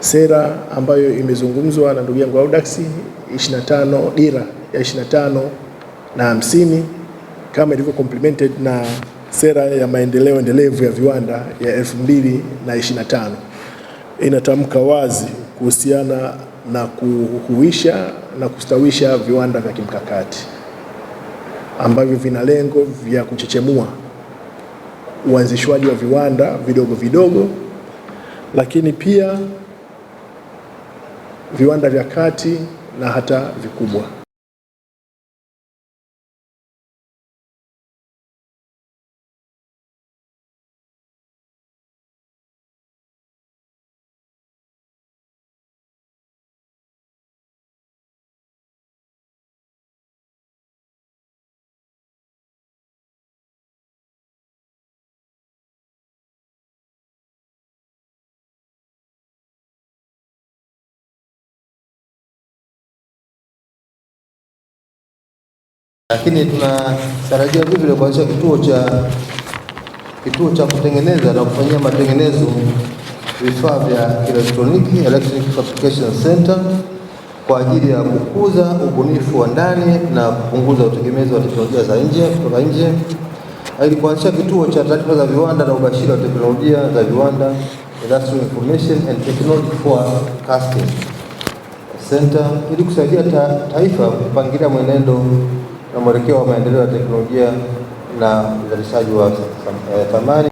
sera ambayo imezungumzwa na ndugu yangu Audax 25 dira ya 25 na 50 kama ilivyo complemented na sera ya maendeleo endelevu ya viwanda ya 2025 inatamka wazi kuhusiana na kuhuisha na kustawisha viwanda vya kimkakati ambavyo vina lengo vya kuchechemua uanzishwaji wa viwanda vidogo vidogo, lakini pia viwanda vya kati na hata vikubwa. Lakini tunatarajia vile kuanzisha kituo cha kituo cha kutengeneza na kufanyia matengenezo vifaa vya elektroniki Electronic Fabrication Center kwa ajili ya kukuza ubunifu wa ndani na kupunguza utegemezi wa teknolojia za nje kutoka nje, ili kuanzisha kituo cha taarifa za viwanda na ubashiri wa teknolojia za viwanda Industrial Information and Technology Forecasting Center ili kusaidia ta taifa kupangilia mwenendo na mwelekeo wa maendeleo ya teknolojia na uzalishaji wa eh, thamani